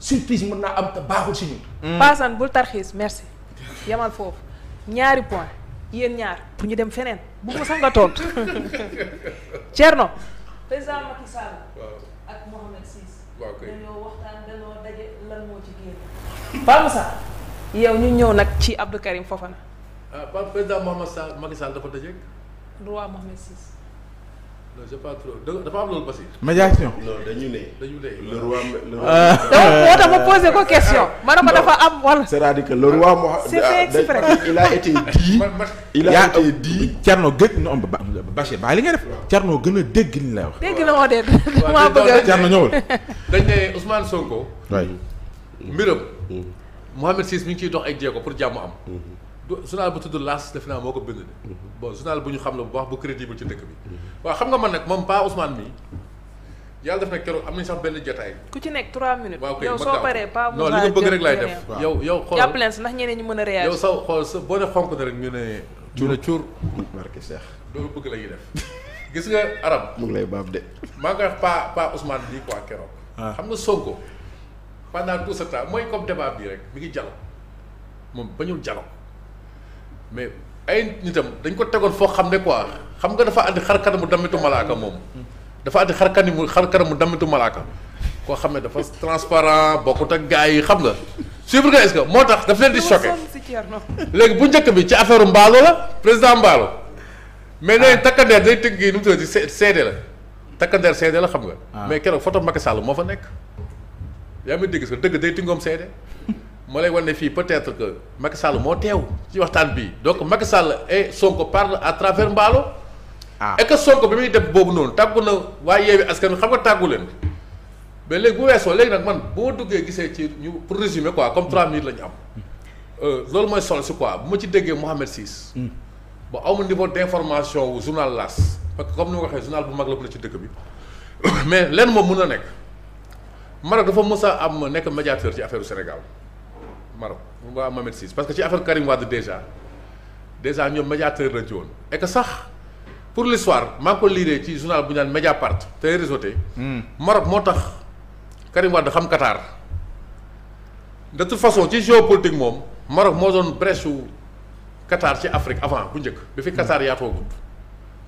surprise mun naa am te baaxul si ñun. Paasan mm. bul tarxiis merci yamal foofu ñaari point yéen ñaar pour ñu dem feneen bu ma sax nga tontu Thierno. président Macky Sall. ak Mohamed Ciss. dañoo waxtaan dañoo daje lan moo ci génn. Pape Moussa yow ñu ñëw nag ci Abdou Karim Fofana. ah Pape président Mohamed Sall Macky Sall non c'est pas trop dafa am loolu Basi. médiation. non dañu ne. dañu ne le roi. le roi euh. moo tax ma posé ko question. ma ne ko dafa am wala. c'est-à-dire que le roi moo. c'est vrai ah, il a été dit. il a été dit. Thierno gëj na am ba Bachir baa li nga def. Thierno gën a dégg li ñu lay wax. dégg na moo dégg maa bëgg a. Thierno ñëwul. dañ ne Ousmane Sonko. waay mbiram. Mm. Mohamed Ciss mi ngi ciy dox ay jéego pour jàmm am. Mm-hmm. journal bu tudd laas def naa moo ko bind de bon journal bu ñu xam la bu baax bu crédible ci dëkk bi waa xam nga ma nag moom Paa Ousmane mi yàlla def na keroog am nañ sax benn jotaay. ku ci nekk 3 minutes. waaw kay yow soo bëgg rek laay def yow yow xool jàpp leen si ndax ñeneen ñi mën a réagir yow saw xool sa boo ne xonk na rek ñu ne ñu ne cuur barke Cheikh loolu bëgg la ñuy def gis nga arab mu ngi lay baab de maa Paa Paa Ousmane bi quoi keroog ah. xam nga Sonko pendant tout ce temps mooy comme débat bi rek mi ngi jalo moom bañul jalo mais ay nitam dañ ko tegoon foo xam ne quoi xam nga dafa ànd xar kanamu dammitu malaaka moom dafa àndi xar kanamu xar kanamu dammitu malaaka koo xam ne dafa transparent bokkut ak gars yi xam nga suivre nga est-ce moo tax daf leen di choqué léegi bu njëkk bi ci affaire mbaalo la président mbaalo mais nee ah. takkandeer day tëgg yi nu mu tuddati seede la takkandeer seede la xam nga ah. mais keroog photo Macky Sall moo fa nekk yaa ngi dégg sa dëgg day tingoom seede ma lay wan ne fii peut-être que mag Sall moo teew ci waxtaan bi donc Macky Sall et Sonko parle à travers Mballo. ah et que bi muy def boobu noonu tàggu na waaye Yewwi Askan Wi xam nga tàggu leen mais léegi bu weesoo léegi nag man bu ma duggee gisee ci ñu pour résumer quoi comme trois minutes la ñu am euh, loolu mooy sol si quoi bu ma ci déggee Mohamed Ciss hmm. ba aw ma niveau d' information wu journal L'As parce que comme ni ma ko waxee journal bu mag la bu ne ci dëkk bi mais lenn moom mën na nekk Maroc dafa mës a am nekk médiateur ci affaire Sénégal Maroc waa Mohamed VI parce que ci affaire Karim Wade déjà déjà ñoom médiateur lañ ci woon et que sax pour l'histoire maa ngi ko liiree ci journal bu ñu naan Mediapart tey réseauté. Hmm. Maroc moo tax Karim Wade xam Qatar de toute façon ci géopolitique moom Maroc moo doon brèche su Qatar ci Afrique avant bu njëkk. bi fi Qatar yaatoo gudd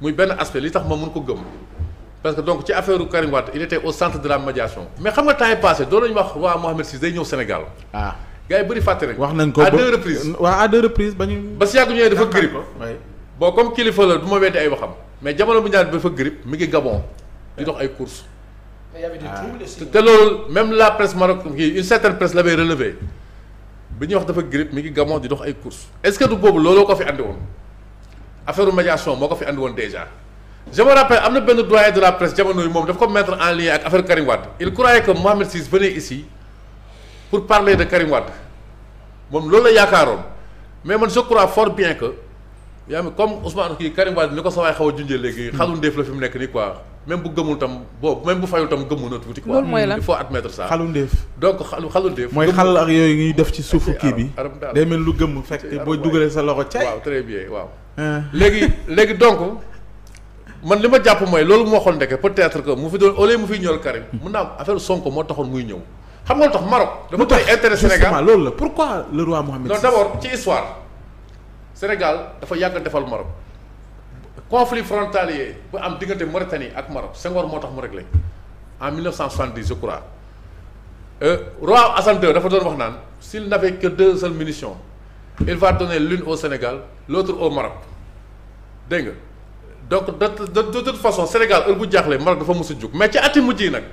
muy benn aspect li tax ma mun ko gëm. parce que donc ci affaire Karim Wade il était au centre de la médiation mais xam nga temps yi passé doon nañu wax waa day ñëw Sénégal. Ah. gars yi bëri fàtte nañ wax nañ ko à deux reprises waaw à deux ba ñu ba si yàgg ñëwee dafa grippe ah. bon comme kilifa la du weddi ay waxam mais jamono bu ñaan dafa grippe mi ngi Gabon di dox ay courses ah. te loolu même la presse marocaine kii une certaine presse l'avait relevé bi ñuy wax dafa grippe mi ngi Gabon di dox ay courses est-ce que du boobu looloo ko fi andi woon affaire médiation moo ko fi andi woon déjà je me rappelle am na benn doyen de la presse jamono yi moom daf ko mettre en lien ak affaire Karim Wade il croyait que pour parler moom loolu la yaakaaroon mais man je crois fort bien que yaa ngi comme Ousmane kii Karim Wade ni ko sawaay xaw a junjee léegi hmm. xalu ndeef la fi mu nekk nii quoi même bu gëmul tam boobu même bu fayul tam gëmmu na tuuti quoi. loolu mooy lan il faut admettre ça xalu ndeef donc xalu xalu ndeef mooy xal ak yooyu ñuy def ci suufu kii bi day lu gëmm fekk boo dugalee sa loxo cay waaw très bien léegi léegi donc man li ma jàpp mooy loolu moo xool ndeke peut-être que mu fi doon au mu fiy ñool Karim mun naa am affaire Sonko moo taxoon muy ñëw xam nga tax Maroc. dafa bëri intérêt Sénégal loolu la pourquoi le roi Mohamed VI. non d' abord ci histoire Sénégal dafa yàgg defal Maroc conflit frontalier bu am diggante Mauritanie ak Maroc Senghor moo tax mu réglé en 1970 je crois euh, roi Hassan II dafa doon wax naan si il n' avait que deux seules munitions il va donner l'une au Sénégal l' au Maroc dégg nga donc de de de toute façon Sénégal heure bu jaaxlee Maroc dafa mos a jóg mais ci ati mujj nag.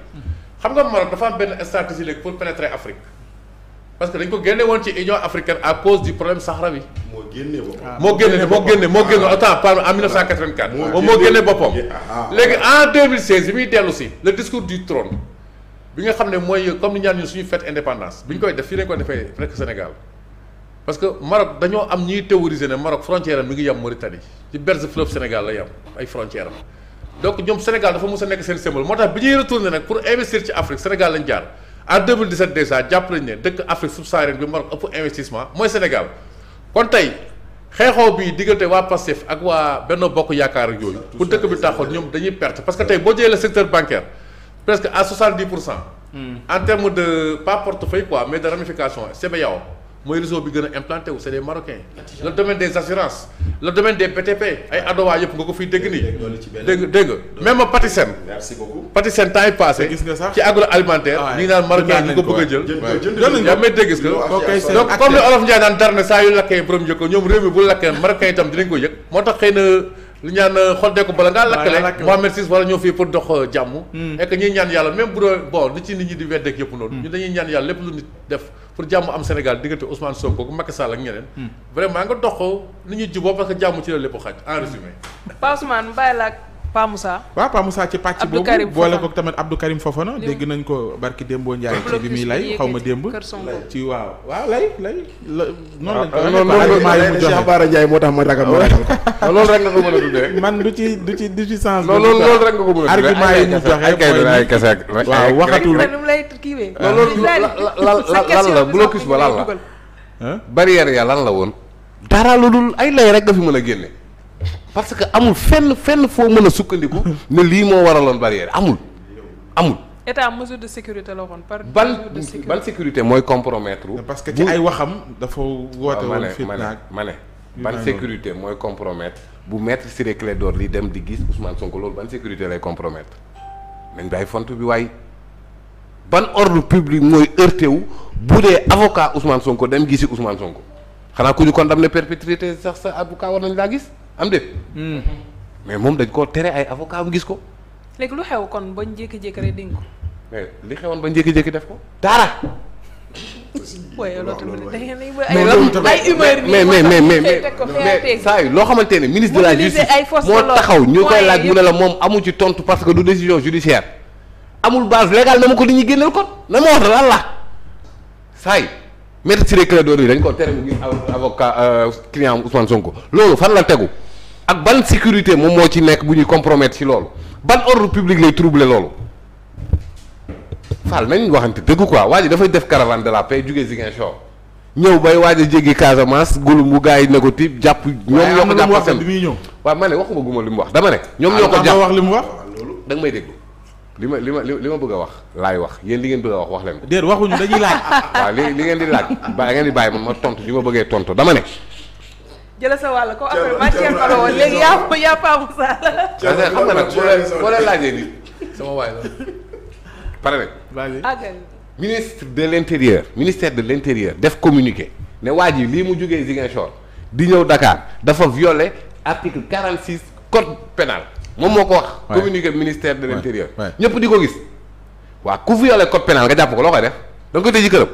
xam nga Maroc dafa am benn stratégie léegi pour pénétrer Afrique parce que dañ ko génne woon ci Union africaine à cause du problème Sahara bi. moo génne boppam ah, moo génne moo génne moo génne ah. autant par en 1984. moo moo génne boppam. Ah. léegi en 2016 bi muy dellu si le discours du trône bi nga xam ne mooy comme ni ñaan ñun suñu fête indépendance bi ñu koy def fii lañ ko defee presque Sénégal parce que Maroc dañoo am ñuy théoriser ne Maroc frontière am mi ngi yem Mauritanie ci berge fleuve Sénégal la yem ay frontière am. donc ñoom Sénégal dafa mos a nekk seen symbole moo tax bi ñuy retourné nag pour investir ci Afrique Sénégal lañ jaar en 2017 déjà jàpp nañ ne dëkk Afrique subsaharienne bi Maroc ëpp investissement mooy Sénégal kon tey xeexoo bi diggante waa Pastef ak waa Benno Bokk Yaakaar ak yooyu bu dëkk bi taxoon ñoom dañuy perte parce que tey boo jëlee le secteur bancaire presque à 70 pour cent hmm. en terme de pas portefeuille quoi mais mooy réseau bi gën a implanté wu c' est des marocains le domaine des assurances le PTP ay adowa yëpp nga ko fiy dégg nii dégg dégg même Patisen merci beaucoup Patisen temps yi passé gis nga sax ci agroalimentaire ah ñu ko bëgg a jël yaa may dégg comme ni olof Ndiaye naan dara ne saa yu lakkee borom yëg ñoom réew mi bu lakkee marocain itam dinañ ko yëg moo tax xëy na lu ñaan euh, xol dee ko bala ngaa lakkale Mohamed Ciss wala ñoo fii pour dox euh, jàmm hmm. et que ñaan yàlla même bu doon bon li nit ñi di weddeek yëpp noonu hmm. ñu dañuy ñaan yàlla lépp lu nit def pour jàmm am Sénégal diggante Ousmane Sonko ak Macky Sall ak ñeneen hmm. vraiment nga dox ko ni ñuy juboo parce que jàmm ci la lépp xaj en résumé Pa Ousmane bàyyi la Pa Moussa waaw Pa Moussa ci pàcc boobu boole ko tamit Abdou Karim Fofana dégg nañ ko barki Dembo Ndiaye ci bi muy lay xaw ma démb ci waaw waaw lay lay noonu lañ ko ah, Cheikh Bara Ndiaye moo tax ma ragal ma ragal ko loolu rek nga man du ci du ci du ci sens loolu loolu rek nga ko mën a tuddee argument yi ñu joxe ay kese waaw waxatul lay kiiwee loolu lan lan la la barrière ya lan la woon dara lu dul ay lay rek nga fi mën a génne parce que amul fenn fenn foo mën a sukkandiku ne lii moo loon barrière amul amul. état mesure de sécurité la woon par. ban ban sécurité mooy compromettre. parce que ci ay waxam dafa woote woon. fitna ma ne ma ne ban sécurité mooy compromettre bu maître Ciré Clédor li dem di gis Ousmane Sonko loolu ban sécurité lay compromettre nañ bàyyi font bi waaye ban ordre public mooy heurté wu bu dee avocat Ousmane Sonko dem gisi Ousmane Sonko xanaa ku ñu condamné perpétuité sax sa avocat war nañ laa gis. am de hmm. mais moom dañ koo tere ay avocat bu gis ko. léegi lu xew kon bañ jékki-jékki rek dénk ko. mais li xewoon ba jékki-jékki def ko dara. waaw loolu ay humeur mais mais mais mais saa yu loo xamante ne ministre de la justice moo taxaw ñu koy laaj mu ne la moom amu ci tontu parce que du décision judiciaire amul base légale na ma ko di ñu génneel kon na ma wax lan la saa yu maître Ciré Clédor Ly dañ koo tere mu gis avocat euh, client Ousmane Sonko loolu fan la tegu. ak ban sécurité moom moo ci nekk bu ñuy compromettre ci loolu ban ordre public lay troubler loolu faal nañ waxante dëgg quoi waa waaj dafay def caravane de la paix jugee Ziguinchor ñëw bay waaj a jéggi Casamance gulum mu gars yi ne ko ti jàpp ñoom ñoo ko jàpp ñëw waa ma ne waxuma guma li mu wax dama ne ñoom ñoo ko jàpp wax li mu wax loolu nga may dégg li ma li ma li ma bëgg a wax laay wax yéen li ngeen bëgg a wax wax leen ko déet waxuñu dañuy laaj waaw li li ngeen di ngeen di bàyyi man ma tontu li ma bëggee tontu dama ne jëla sa wàll ko affaire matière fa la woon léegi yaa yaa Paa nag sama waay la. pare rek. ministre de l' intérieur ministère de l' intérieur def communiqué ne waa ji lii mu jógee Ziguinchor di ñëw Dakar dafa violé article quarante six code penal moom moo ko wax. communiqué ministère de l' intérieur. ñëpp di ko gis. waa ku violé code pénal nga jàpp ko loo koy def da nga koy tëj këram.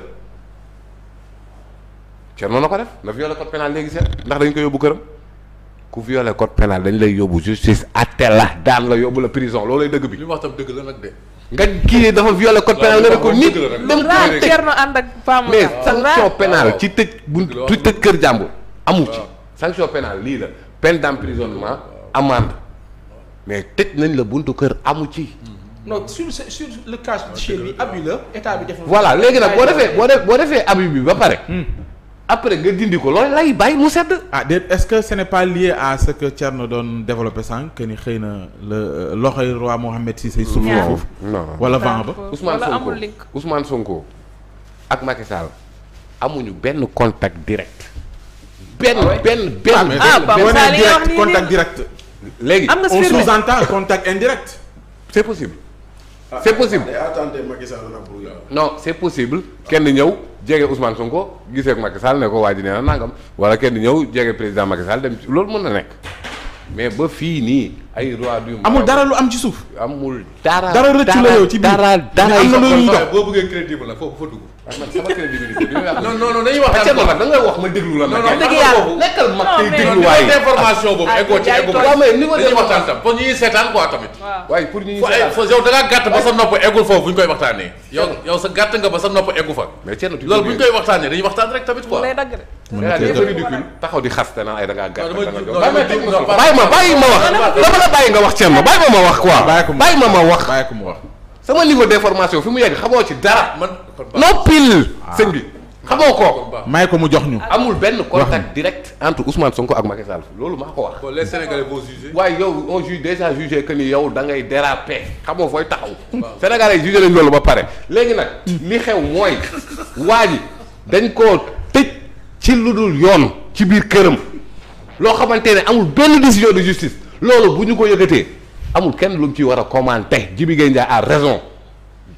Thierno na ko def na violé code pénal ndax dañ ko yóbbu këram ku violé code pénal dañ lay yóbbu justice atte la daan la yóbbu la prison loolay dëgg bi. li mu wax tam dëgg la nag de. nga kii dafa violé code pénal nga ne ko nit. dem ko Thierno ànd ak Pam mais sanction pénale ci tëj bu ci tëj kër jàmbur amu ci. sanction pénale lii la peine d'emprisonnement amende mais tëj nañ la buntu kër amu ci. Mm-hmm. non sur sur le cas chez lui abus la état voilà léegi nag boo defee boo defee abus bi ba pare. Hmm. après nga dindi ko loolu lay bàyyi mu sedd. ah déet est-ce que ce n'est pas lié à ce que Thierno doon développe sànq que ni xëy na euh, loxoy roi Mohamed si say suuf foofu. wala vent ba Ousmane Sonko Ousmane Sonko ak Macky amuñu benn contact direct. benn ah benn benn. ah direct contact direct. léegi on sous-entend contact indirect. c'est possible. Ah. c' est possible eh, non c' est possible kenn ñëw jege Ousmane Sonko gisee ak Macky ne ko waa ji nee na nangam wala kenn ñëw jege président Macky Sall dem ci loolu mën na nekk. mais ba fii nii ay roi du amul dara lu am ci suuf. amul dara dara rëccu la yow ci biir dara dara am na loolu ñu dox boo bëggee crédible la foofu fa dugg. Ah, dañuy wax da ngay wax ma déglu la. non non dëgg yàlla nekkal mag tey déglu waaye information boobu ah, ego ci ego waaw mais waxtaan tam pour ñuy seetaan quoi tamit. waaye pour ñuy seetaan fo ba sa nopp eggul foofu bu ñu koy waxtaanee. yow yow sa gàtt nga ba sa nopp eggu fa. loolu bu ñu koy waxtaanee dañuy waxtaan rek tamit quoi mën na taxaw di xas danaa ay da ngaa gàtt da bàyyi ma bàyyi ma wax dama la bàyyi nga ma ma wax quoi. bàyyi ma ma wax bàyyi ko ma wax. sama niveau d'information fi mu yegg xamoo ci dara. man noppil ah. sëñ bi xamoo ko. may ko mu jox ñu. amul benn contact direct entre Ousmane Sonko ak Macky Sall loolu maa ko wax. bon les Sénégalais vont juger. waaye yow on juge déjà jugé que ni yow da ngay déraper xamoo fooy taxaw. Sénégalais jugé nañ loolu ba pare léegi nag. li xew mooy waa ji dañ ko ci lu dul yoon ci biir këram loo xamante ne amul benn décision de justice loolu bu ñu ko yëkkatee amul kenn lu mu ciy war a commenter Jibi Gueye Ndiaye a raison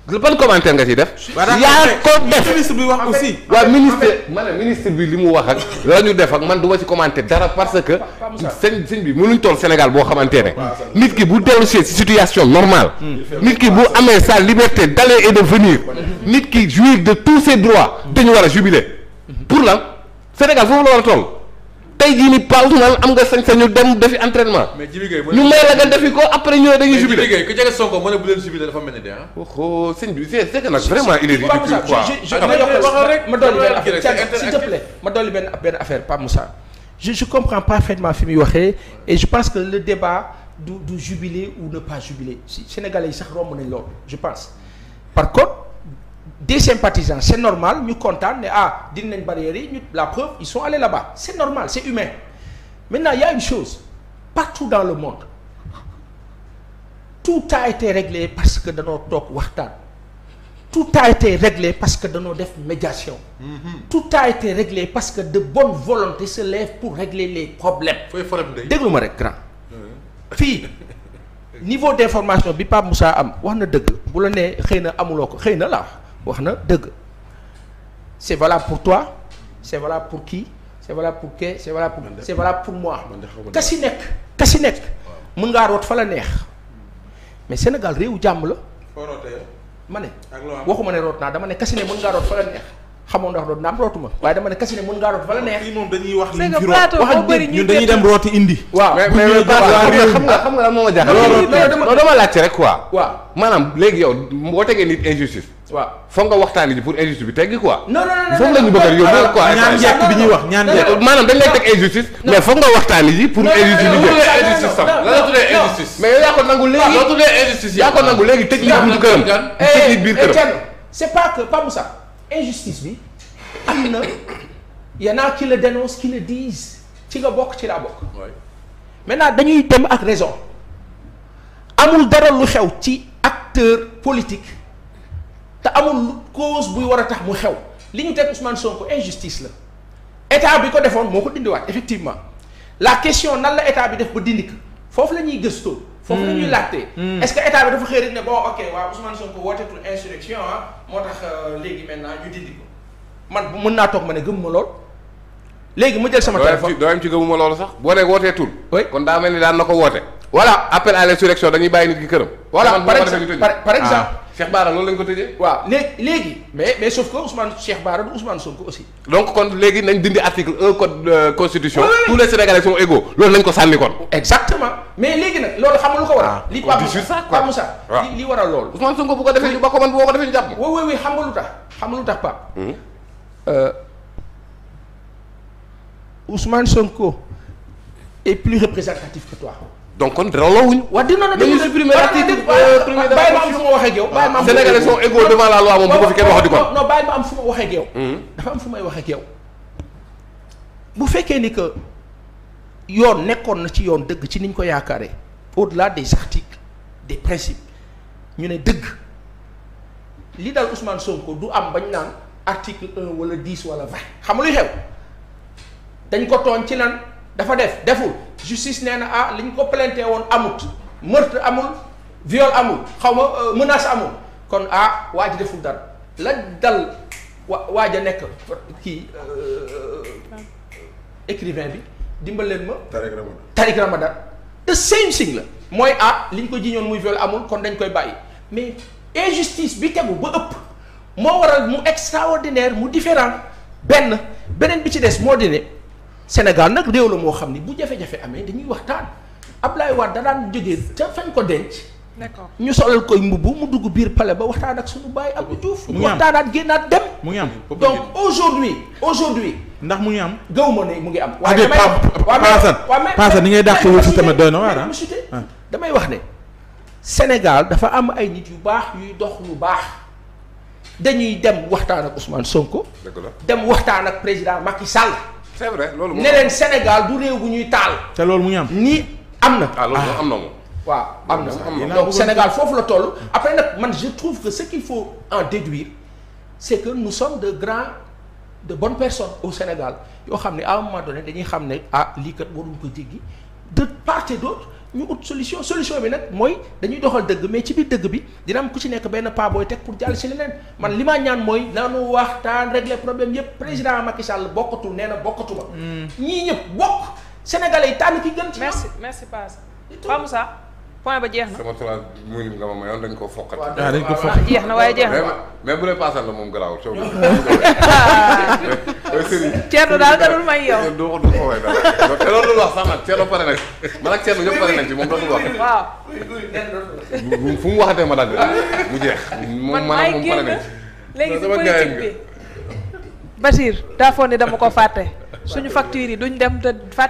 ban commentaire nga ci def. yaa ko def ministre bi wax aussi. waaw ministre ma ne bi li mu wax ak. la ñu def ak man du ma ci commenter dara parce que. sëñ sëñ bi mënuñ toll Sénégal boo xamante ne. nit ki bu dellu si situation normal nit ki bu amee sa liberté d'aller et de venir. nit ki jouir de tous ses droits. dañu war a jubiler pour lan. Sénégal foofu la war a toll tey jii ni Pape Ousmane am nga sañ-sañu dem defi entraînement. mais Jibi Gueye ñu may la nga defi ko après ñu ne dañuy jubilé. mais Jibi Gueye ku jege ne bu leen jubilé dafa mel ni de ah. oh que nag vraiment il est ridicule quoi. je je ma dolli benn affaire s'il te plaît ma dolli benn affaire Pape Moussa. je je comprends parfaitement fi muy waxee et je pense que le débat du du ou ne pas jubilé si sénégalais yi sax romb nañ je pense par contre. des sympathisants c'est normal ñu kontaan ne ah dindi nañ barrières yi ñu la preuve ils sont allés là-bas c'est normal c'est humain maintenant il y a une chose partout dans le monde tout a été réglé parce que danoo toog waxtaan tout a été réglé parce que danoo def médiation mm-hmm. tout a été réglé parce que de bonne volonté se lève pour régler les problèmes déglu ma rek grand fii niveau d'information bi pa Moussa am wax na dëgg bu la nee xëy na amuloo ko xëy na la wax na dëgg c'est valable pour toi c'est valable pour qui c'est valable pour qui c'est valable pour c'est valable pour moi ka si nekk ka si nekk mën ngaa root fa la neex mais Sénégal réewu jàmm la ma ne waxuma ne root naa dama ne kasi ne mën ngaa root fa la neex xamoon ndax root naa am rootuma waaye dama ne kasi ne mën ngaa root fa la neex dañuy wax ñun dañuy dem rooti indi waaw xam nga xam nga la moom a jaaxal dama laajte rek quoi waaw maanaam léegi yow moo tegee nit injustice waaw foog nga waxtaanee ji pour injustice bi teggi quoi. non non non foofu la ñu bëgg a yóbbu quoi. ñaan njëkk bi ñuy wax ñaan njëkk maanaam dañ lay teg injustice. mais foog nga waxtaanee ji pour. injustice bi jël injustice sam la la tuddee injustice. mais yow yaa ko nangu léegi loo tuddee injustice yaa ko nangu léegi tëj li buntu këram. tëj li biir këram c'est pas que Pape Moussa injustice bi am na y'en a qui le dénoncent qui le disent ci nga bokk ci laa bokk. maintenant dañuy dem ak raison amul dara lu xew ci acteur politique amul cause buy war a tax mu xew li ñu teg Ousmane Sonko injustice la état bi ko defoon moo ko dindiwaat effectivement la question nan la état bi def ba dindi ko foofu la ñuy gëstoo. foofu la ñuy hmm. Hmm. est-ce que état bi dafa xëy rek ne bon ok waaw Ousmane Sonko wooteetul insurrection ah moo tax euh, léegi maintenant ñu dindi ko man mën naa toog ma ne gëm ma lool. léegi ma jël sama téléphone doo yem ci gëmuma loolu sax boo nee wooteetul. oui kon daa mel ni daan na ko woote. voilà appel à l'insurrection dañuy bàyyi nit ki par ah. exemple Cheikh Bara loolu lañ ko tëjee. waaw léegi léegi mais mais sauf que Ousmane Cheikh Bara du Ousmane Sonko aussi. donc kon léegi nañ dindi article un code euh, constitution. tous les Sénégalais sont égaux loolu nañ ko sànni kon. exactement mais léegi nag loolu xam nga lu ko waral. Ah, li Pape Moussa Pape Moussa li li waral loolu. Ousmane Sonko bu ko defee ñu ba ko man boo ko defee ñu jàpp. waaw donc kon rawlawuñu. waaw dina na déglu supprimer article euh, premier de la constitution bàyyi ma am fu ma waxee ak yow. sénégalais sont hmm. égaux devant la loi moom bu ma am fu ma waxee ak yow. am fu may waxee ak bu fekkee ni que yoon nekkoon na ci yoon dëgg ci niñ ko yaakaare au-delà des articles des principes ñu ne dëgg li daal Ousmane Sonko du am bañ naan article un wala dix wala vingt xam nga luy xew dañ ko tooñ ci lan. dafa def deful justice nee na ah li ñu ko plainte woon amut meurtre amul viol amul xaw ma euh, menace amul kon ah waa ji deful dara la dal wa waaj a nekk kii euh, écrivain bi dimbal leen ma. Tariq Ramadan Tariq Ramadan te same thing la mooy ah li ñu ko jiñoon muy viol amul kon dañ koy bàyyi mais injustice bi tegu ba ëpp moo waral mu extraordinaire mu différent benn beneen bi ci des moo dine Sénégal nag réew la moo xam ni bu jafe-jafe amee dañuy waxtaan Ablaye Wade da daan jógee ca fañ ko denc. d'accord ñu solal koy mbubu mu dugg biir palais ba waxtaan ak suñu bàyyi Abdou Diouf. mu waxtaanaat génnaat dem. mu ngi am donc aujourd'hui aujourd'hui ndax mu ngi am. gaw ma ne mu ngi am. Ah, waaye damay waaw ni ngay dàqee wu si tamit doy na ah. ah. damay wax ne Sénégal dafa am ay nit yu baax yuy dox lu baax dañuy dem waxtaan ak Ousmane Sonko. dem waxtaan ak président Macky Sall. c'est loolu ne leen Sénégal du réew bu ñuy taal. te loolu mu ngi am nii am na. ah loolu ah. am na moom. waaw am na donc Sénégal foofu la toll. Hmm. après nag man je trouve que ce qu'il faut en déduire c'est que nous sommes de grands de bonnes personnes au Sénégal yoo xam ne à un moment donné dañuy xam ne ah lii kat waruñu ko jéggi de part et d'autre ñu ut solution solution bi nag mooy dañuy doxal dëgg mais ci biir dëgg bi dina ku ci nekk benn pas teg pour jàll si leneen man li maa ñaan mooy naa nañu waxtaan régler problème yëpp président Macky Sall bokkatul nee na bokkatuma mm. ñii ñëpp bokk sénégalais yi tànn ki gën ci merci merci Paa Moussa point ba jeex na sama trois minutes nga ma mayoon dañ ko foqati. waaw ah, dañ ko foqati jeex na waaye jeex na. mais bu lay paasal la moom garaawul coow. Thierno daal nga dul may yow. doo ko dul ko way daal te loolu wax sax nag Thierno pare nag nañ ci moom dootul wax. waaw. fu mu waxatee ma daal ah. mu jeex. moom maanaam moom pare nañ ci. léegi si politique bi Bachir daa foog dama ko fàtte suñu facture yi duñ dem te